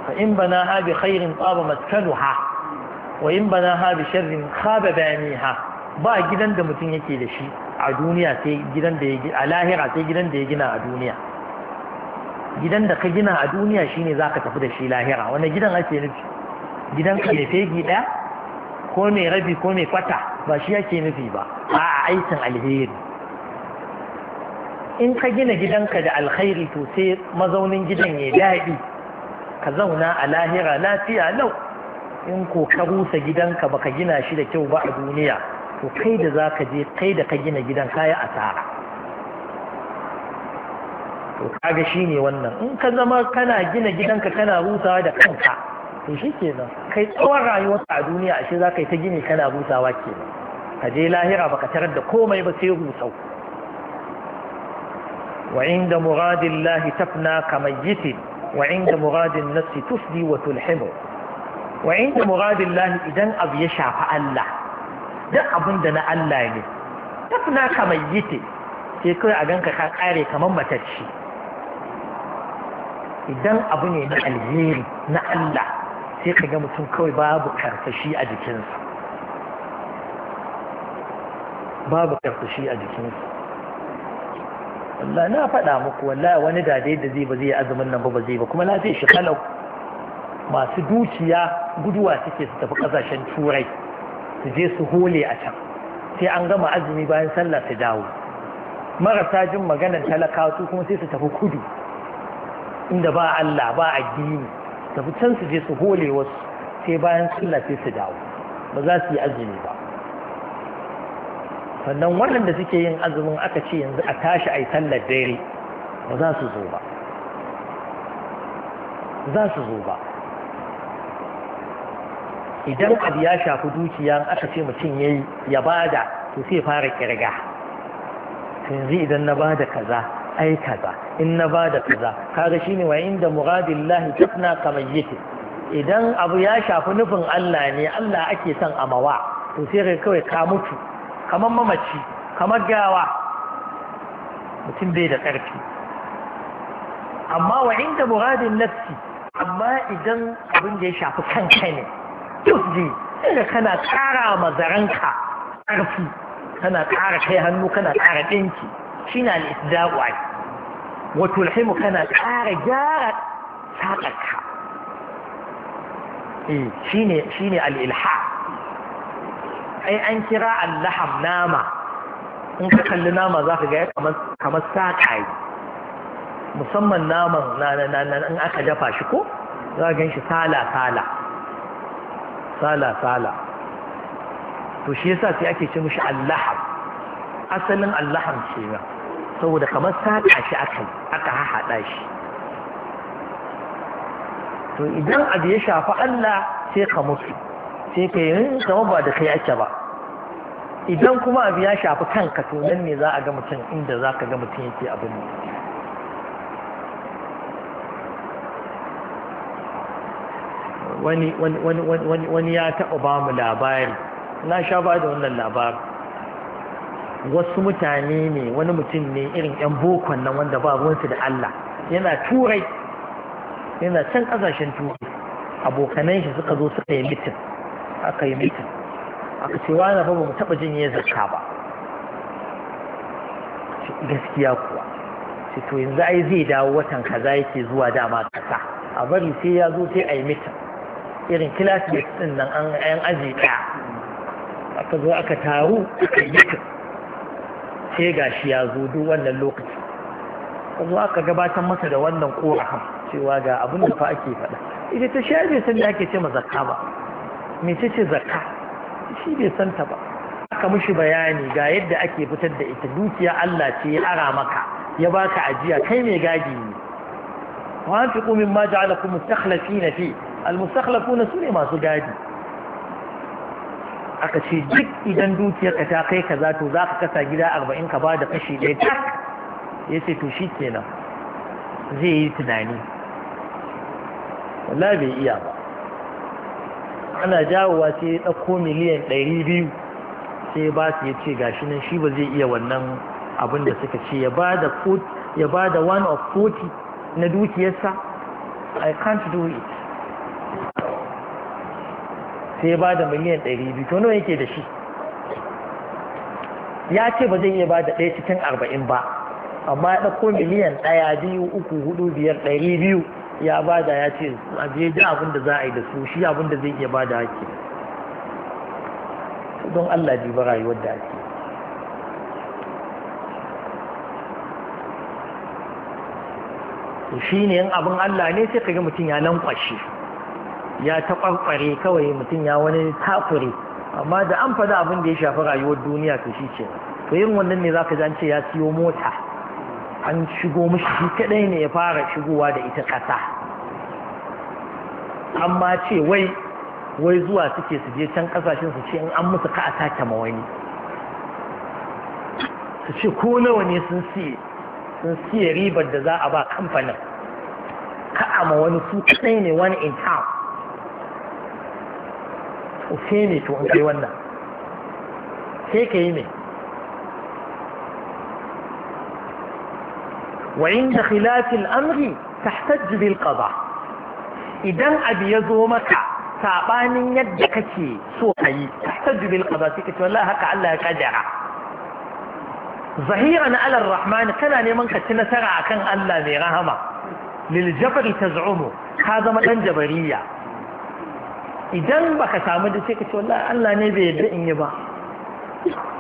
fa in banaha bi khairin taba maskanuha wa in banaha bi sharrin khaba baniha ba gidan da mutun yake da shi a duniya sai gidan da yake a lahira sai gidan da yake gina a duniya gidan da ka gina a duniya shine zaka tafi da shi lahira wannan gidan ake nufi gidanka mai fegi ɗaya ko mai rabi ko mai kwata ba shi yake nufi ba a aikin alheri in ka gina gidanka da alkhairi to sai mazaunin gidan ya daɗi ka zauna a lahira lafiya lau in ko ka rusa gidanka baka gina shi da kyau ba a duniya to kai da za ka je kai da ka gina gidan kaya asara to kaga shi ne wannan in ka zama kana gina gidanka kana rusawa da kanka to shi kenan kai tsawon rayuwarka a duniya a ashe za ka yi ta gini kana busawa kenan ka je lahira ba ka tarar da komai ba sai busau wa inda muradin lahi tafna kamayyitin wa inda muradin nafsi tufdi wa tulhimu wa inda muradin lahi idan abu ya shafi Allah duk abin da na Allah ne tafna kamayyitin sai kai a ganka ka kare kamar matacci idan abu ne na alheri na Allah sai ka ga mutum kawai babu karsashi a jikinsa babu karsashi a jikinsa wallahi na faɗa muku wallahi wani da dai da zai ba zai azumin nan ba ba zai ba kuma na zai shi kalau masu dukiya guduwa suke su tafi ƙasashen turai su je su hole a can sai an gama azumi bayan sallah su dawo marasa jin maganar talakawa su kuma sai su tafi kudu inda ba Allah ba addini tafi can su je su hole wasu sai bayan sallah sai su dawo ba za su yi azumi ba sannan waɗanda suke yin azumin aka ce yanzu a tashi a yi sallar dare ba za su zo ba za su zo ba idan abu ya shafi dukiya aka ce mutum ya yi ya bada to sai fara kirga yanzu idan na bada kaza ai kaza in na ba da kaza kaga shine wa inda muradillahi tafna kamayyati idan abu ya shafi nufin Allah ne Allah ake son amawa to sai kawai ka mutu kamar mamaci kamar gawa mutum bai da ƙarfi amma wa inda muradin nafsi amma idan abin da ya shafi kanka ne tusdi inda kana ƙara mazaranka ƙarfi kana kara kai hannu kana kara ɗinki shine ne isdau wato wa kana ƙara gyara saƙaƙa eh, shi shine al'ilha, ai an kira al nama in ka kalli nama za ka ga kamar kamar musamman naman na na na in aka dafa shi ko za gan shi sala sala sala sala to shi yasa sai ake ce shi allaham asalin allaham ce ba saboda kamar saƙa shi aka yi aka haɗa shi to idan abu ya shafi Allah sai ka mutu sai ka yi kama ba da kai ake ba idan kuma abu ya shafi kanka to nan ne za a ga mutum inda za ka ga mutum yake abin ne wani ya taɓa ba mu labari na sha ba da wannan labari wasu mutane ne wani mutum ne irin 'yan bokon nan wanda ba ruwansu da Allah yana turai yana can ƙasashen turai abokanan shi suka zo suka yi mitin aka yi mitin aka ce wani ba mu taɓa jin ya zakka ba gaskiya kuwa ce to yanzu ai zai dawo watan kaza yake zuwa dama kasa a bari sai ya zo sai a yi mitin irin classmates ɗin nan an aji ɗaya aka zo aka taru aka yi mitin sai shi ya zo duk wannan lokaci zo aka gabatar masa da wannan korafin cewa ga abin da fa ake faɗa ita ta shayar bai san da ake ce ma ba mece ce zaka shi bai san ta ba aka mishi bayani ga yadda ake fitar da ita dukiya Allah ce ya ara maka ya baka ajiya kai mai gadi ne wa anfiqu mimma ja'alakum mustakhlifina fi al-mustakhlifuna sune masu gadi aka ce duk idan dukiyarka ta kai kaza to za ka kasa gida arba'in ka ba da kashi ɗaya tak ya ce to shi kenan zai yi tunani wala bai iya ba ana jawowa sai ya ɗauko miliyan ɗari biyu sai ya ba su ya ce gashi nan shi ba zai iya wannan abin da suka ce ya ba da one of forty na dukiyarsa I can't do it sai ba bada miliyan 200 to nawa yake da shi ya ce ba zai iya bada ɗaya cikin arba'in ba amma ya ɗauko miliyan ɗaya biyu uku hudu biyar ɗari biyu ya bada ya ce a je ji abin da za a yi da su shi abin da zai iya bada ake don Allah ji ba rayuwar da ake shi ne yin abin Allah ne sai ka ga mutum ya lankwashe ya taɓarɓare kawai mutum ya wani takure amma da an faɗa abin da ya shafi rayuwar duniya to shi ce to yin wannan ne za ka ce ya siyo mota an shigo mashi shi kaɗai ne ya fara shigowa da ita ƙasa amma ce wai wai zuwa suke su je can ƙasashen su ce in an musu ka a sake ma wani su ce ko nawa ne sun siye sun siye ribar da za a ba kamfanin ka a ma wani su kaɗai ne wani in town sai ne to an kai wannan sai ka yi ne wa inda khilafin amri ta bil qada idan abu ya zo maka sabanin yadda kake so ka yi ta bil qada sai ka ce wallahi haka Allah ya zahira na ala rahman kana neman ka ci nasara akan Allah mai rahama lil ta taz'umu ka zama dan jabariya idan baka samu da sai ka ce wallahi Allah ne bai yarda in yi ba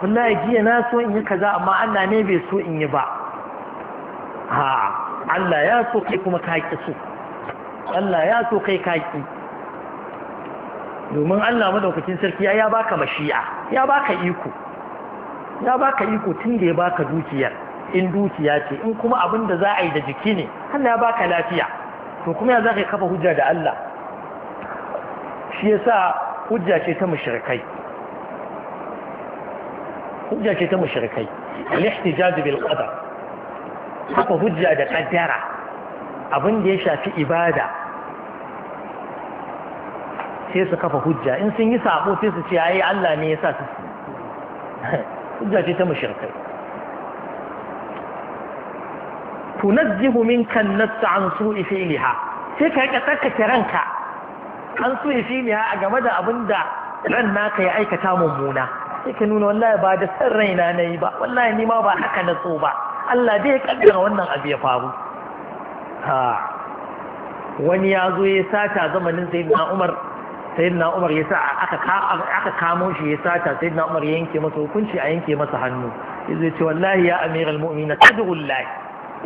wallahi jiya na so in yi kaza amma Allah ne bai so in yi ba ha Allah ya so kai kuma ka ki so Allah ya so kai ka ki domin Allah madaukakin sarki ya baka mashi'a ya baka iko ya baka iko tun da ya baka dukiyar in dukiya ce in kuma abin da za a yi da jiki ne Allah ya baka lafiya to kuma ya za ka kafa hujja da Allah shi sa hujja ce ta mushrikai hujja ce ta mashirkai al-ihtijaj bil haka hujja da kaddara abin da ya shafi ibada sai su kafa hujja in sun yi sabo sai su ce yi Allah ne ya sa su hujja ce ta mashirkai tunar jihumin kan nasta an su'i fi'liha sai ka rika ka ranka an so ya shine a game da abin da ran naka ya aikata mummuna sai ka nuna wallahi ba da san raina na yi ba wallahi ni ma ba haka na so ba Allah dai ya kaddara wannan abu ya faru ha wani ya zo ya sata zamanin sayyidina Umar sayyidina Umar ya sa aka aka kamo shi ya sata sayyidina Umar ya yanke masa hukunci a yanke masa hannu zai ce wallahi ya amiral mu'minin tadullahi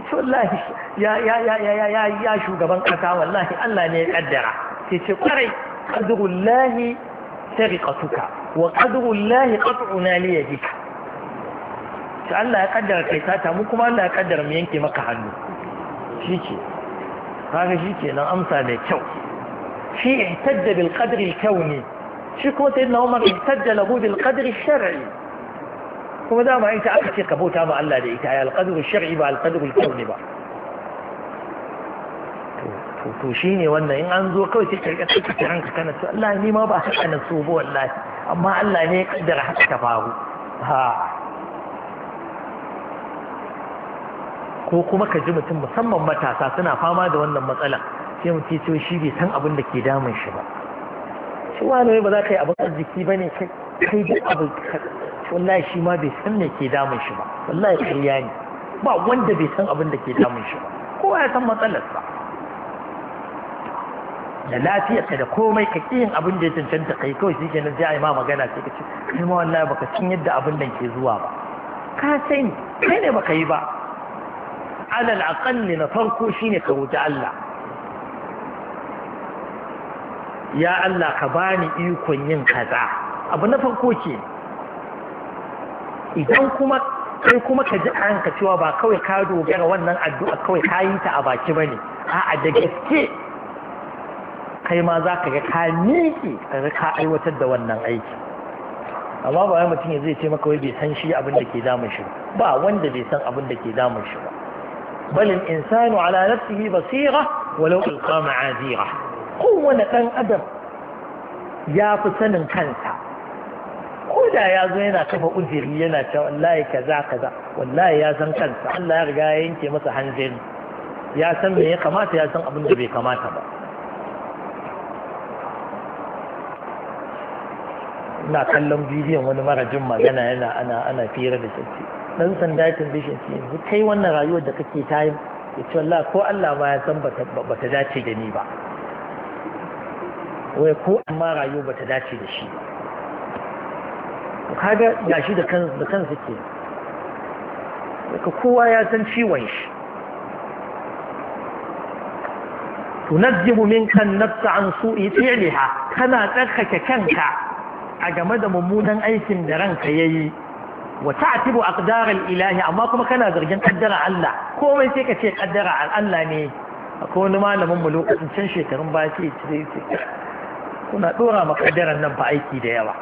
ce wallahi ya ya ya ya ya shugaban kasa wallahi Allah ne ya kaddara تتقري قدر الله سرقتك وقدر الله قطعنا ليدك سألنا قدر كيساتا مكما لا قدر مينك مكهن شيكي هذا شيكي أنا أمسى لكو في اهتد بالقدر الكوني شكوة إن عمر اهتد له بالقدر الشرعي وما دام عيسى أفتق بوتا مع الله لإيتايا القدر الشرعي بقى القدر الكوني بقى to ne wannan in an zo kawai cikin ƙasa cikin ranka kana to Allah ni ma ba haka na so ba wallahi amma Allah ne ya kaddara haka ta faru ha ko kuma ka ji mutum musamman matasa suna fama da wannan matsala sai mutum ce shi bai san abin da ke damun shi ba shi wani ba za ka yi abin arziki ba ne kai da abin wallahi shi ma bai san me ke damun shi ba wallahi ƙarya ne ba wanda bai san abin da ke damun shi ba kowa ya san matsalarsa da ka da komai ka ƙi abin da ya cancanta kai kawai shi kenan sai a yi ma magana sai ka ce kai ma wallahi baka cin yadda abin nan ke zuwa ba ka sani kai ne baka yi ba alal aqalli na farko shine ka roki Allah ya Allah ka bani ikon yin kaza abu na farko ke idan kuma kai kuma ka ji a cewa ba kawai ka dogara wannan addu'a kawai ka yi ta a baki bane a'a da gaske kai ma za ka ga ka miƙe ka aiwatar da wannan aiki amma ba wai mutum ya zai ce maka wai bai san shi abin da ke damun shi ba wanda bai san abin da ke damun shi ba bal insanu ala nafsihi basira walau alqa ma'azira kowane dan adam ya fi sanin kansa ko da ya zo yana kafa uziri yana cewa wallahi kaza kaza wallahi ya san kansa Allah ya riga ya yanke masa hanzari ya san me ya kamata ya san abin da bai kamata ba na kallon bidiyon wani marajin magana yana ana ana fira da shi dan sanda ya tambaye shi ce kai wannan rayuwar da kake ta yi ya ce wallahi ko Allah ma ya san ba ta dace da ni ba wai ko amma rayuwa ba ta dace da shi kaga ga shi da kan da kansa ke ka kowa ya san ciwon shi tunajjibu minka nafsa an su'i fi'liha kana tsarkake kanka a game da mummunan aikin da ranka ya yi wa a ƙadarar ilahi amma kuma kana zargin kaddara Allah komai sai ka ce kaddara Allah ne a wani malamin mu lokacin can shekarun ba ce ce kuna ɗora ma kaddaran nan ba aiki da yawa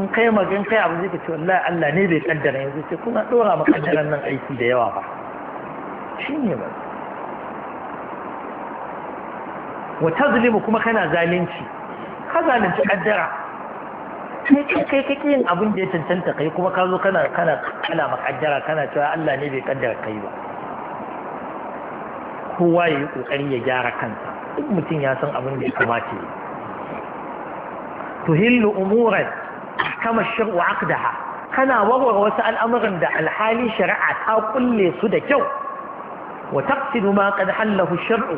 in kai magan kai abu zai ka ce wallahi Allah ne bai ƙaddara yanzu ce kuna ɗora ma kaddaran nan aiki da yawa ba shine ba wa tazlimu kuma kana zalunci ka zalunci kaddara kai kai kake yin abin da ya cancanta kai kuma ka zo kana kana kana makaddara kana cewa Allah ne bai kaddara kai ba kowa ya yi kokari ya gyara kansa duk mutum ya san abin da ya kamace tuhillu umuran kama shir'u aqdaha kana warware wasu al'amuran da alhali shari'a ta kulle su da kyau wa taqsidu ma qad hallahu shar'u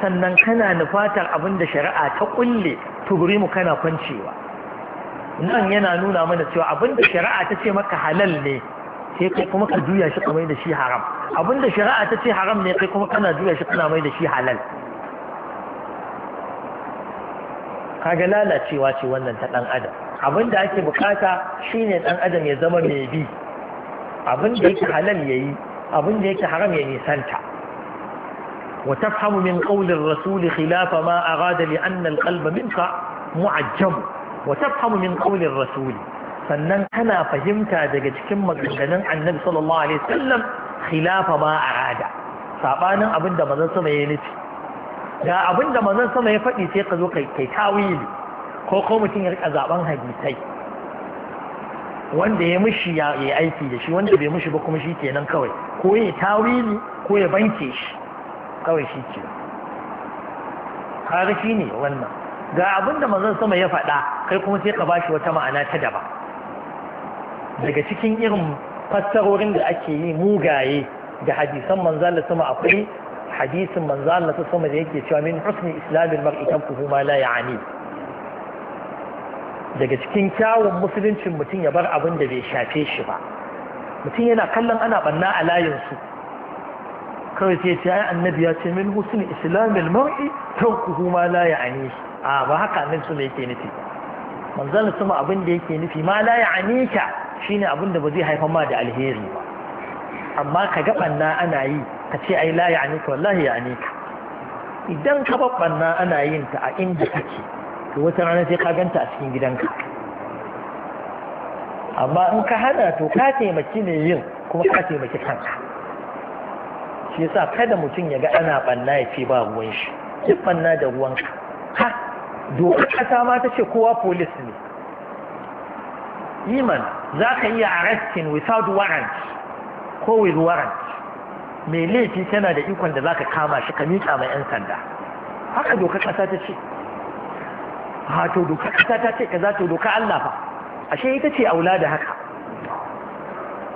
sannan kana nufatar abin da shari'a ta kulle mu kana kwancewa nan yana nuna mana cewa abin da shari'a ta ce maka halal ne sai kai kuma ka juya shi kamar da shi haram abin da shari'a ta ce haram ne kai kuma kana juya shi kana mai da shi halal kaga lalacewa ce wannan ta dan adam abin da ake bukata shine dan adam ya zama mai bi abin da yake halal yayi abin da yake haram ya nisanta وتفهم من قول الرسول خلاف ما أراد لأن القلب منك معجم وتفهم من قول الرسول sannan kana fahimta daga cikin maganganun annabi sallallahu alaihi wasallam khilafa ma arada sabanin abin da manzon sama ya nufi da abin da sama ya faɗi sai ka zo kai kai tawili ko ko mutum ya rika zaɓen hadisai wanda ya mishi ya aiki da shi wanda bai mishi ba kuma shi kenan kawai ko ya tawili ko ya banke shi kawai shi ce kaga shi ne wannan ga abinda da manzon sama ya faɗa kai kuma sai ka bashi wata ma'ana ta daba. daga cikin irin fassarorin da ake yi mugaye da hadisan manzon da sama akwai hadisin manzon Allah sama da yake cewa min husni islamil mar'i tanfuhu ma la ya'ani daga cikin kyawun musuluncin mutum ya bar abin da bai shafe shi ba mutum yana kallon ana banna a layinsu kawai sai ce ai annabi ya ce min husni islamil mar'i tarkuhu ma la ya'ani a ba haka annabi su yake nufi manzon sama abin da yake nufi ma la ya'ani ka shine abin da ba zai haifar ma da alheri ba amma ka ga banna ana yi ka ce ai la ya'ani ka wallahi ya'ani ka idan ka ba banna ana yin ta a inda kake to wata rana sai ka ganta a cikin gidanka amma in ka hada to ka taimaki ne yin kuma ka taimaki kanka shi yasa kada mutum ya ga ana banna ya ce ba ruwan shi duk banna da ruwan ka ha dokar kasa ma ta ce kowa polis ne iman za ka iya arrestin without warrant ko with warrant mai laifi tana da ikon da za ka kama shi ka miƙa mai 'yan sanda haka dokar kasa ta ce ha to dokar kasa ta ce ka za to doka Allah fa ashe ita ce aula da haka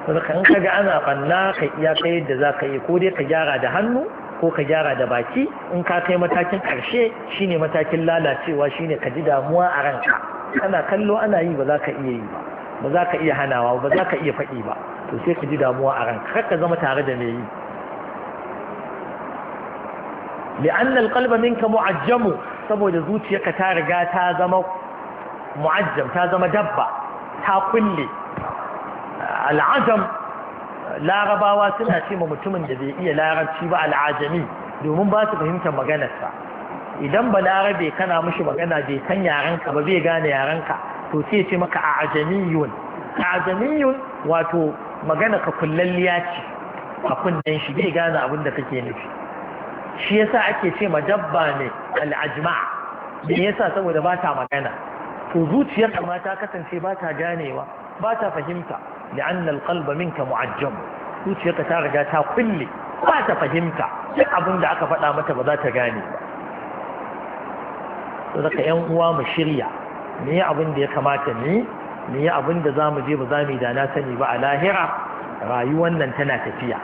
saboda ka ga ana kwanna ka iya kai yadda za ka yi ko dai ka gyara da hannu ko ka gyara da baki in ka kai matakin ƙarshe shine matakin lalacewa shine ka ji damuwa a ranka kana kallo ana yi ba za ka iya yi ba ba za ka iya hanawa ba za ka iya faɗi ba to sai ka ji damuwa a ranka kar ka zama tare da me yi لأن القلب منك معجم saboda zuciyarka ta riga ta zama mu'ajjam ta zama dabba ta kulle Al'ajam larabawa suna ce ma mutumin da bai iya larabci ba al'ajami domin ba su fahimtar maganarsa idan ba larabe kana mushi magana bai san yarenka ba bai gane yarenka to sai ce maka ajamiyun ajamiyun wato magana ka kullalliya ce a kunnen shi bai gane abin da kake nufi shi yasa ake ce ma dabba ne al'ajma'a bai yasa saboda ba ta magana to zuciyar ma ta kasance ba ta ganewa ba ta fahimta لأن القلب منك معجم zuciyarka ta riga ta kulle ba ta fahimta duk abin da aka faɗa mata ba za ta gane ba zaka yan uwa mu shirya me ya abin da ya kamata ne me ya abin da za mu je ba za mu da na sani ba a lahira rayuwar nan tana tafiya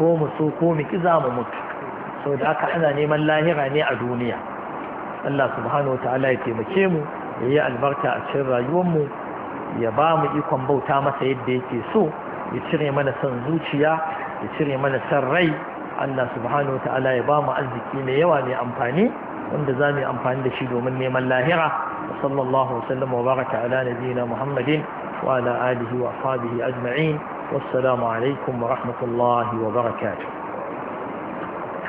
ko mu so ko mu ki za mu mutu sau da aka ana neman lahira ne a duniya Allah subhanahu wa ta'ala ya taimake mu ya yi albarka a cikin rayuwar mu ya ba mu ikon bauta masa yadda yake so ya cire mana son zuciya ya cire mana son rai Allah subhanahu wa ta'ala ya ba mu arziki mai yawa mai amfani wanda za mu yi amfani da shi domin neman lahira sallallahu wasallam wa baraka ala nabiyina muhammadin wa ala alihi wa ashabihi ajma'in wassalamu alaikum wa rahmatullahi wa barakatuh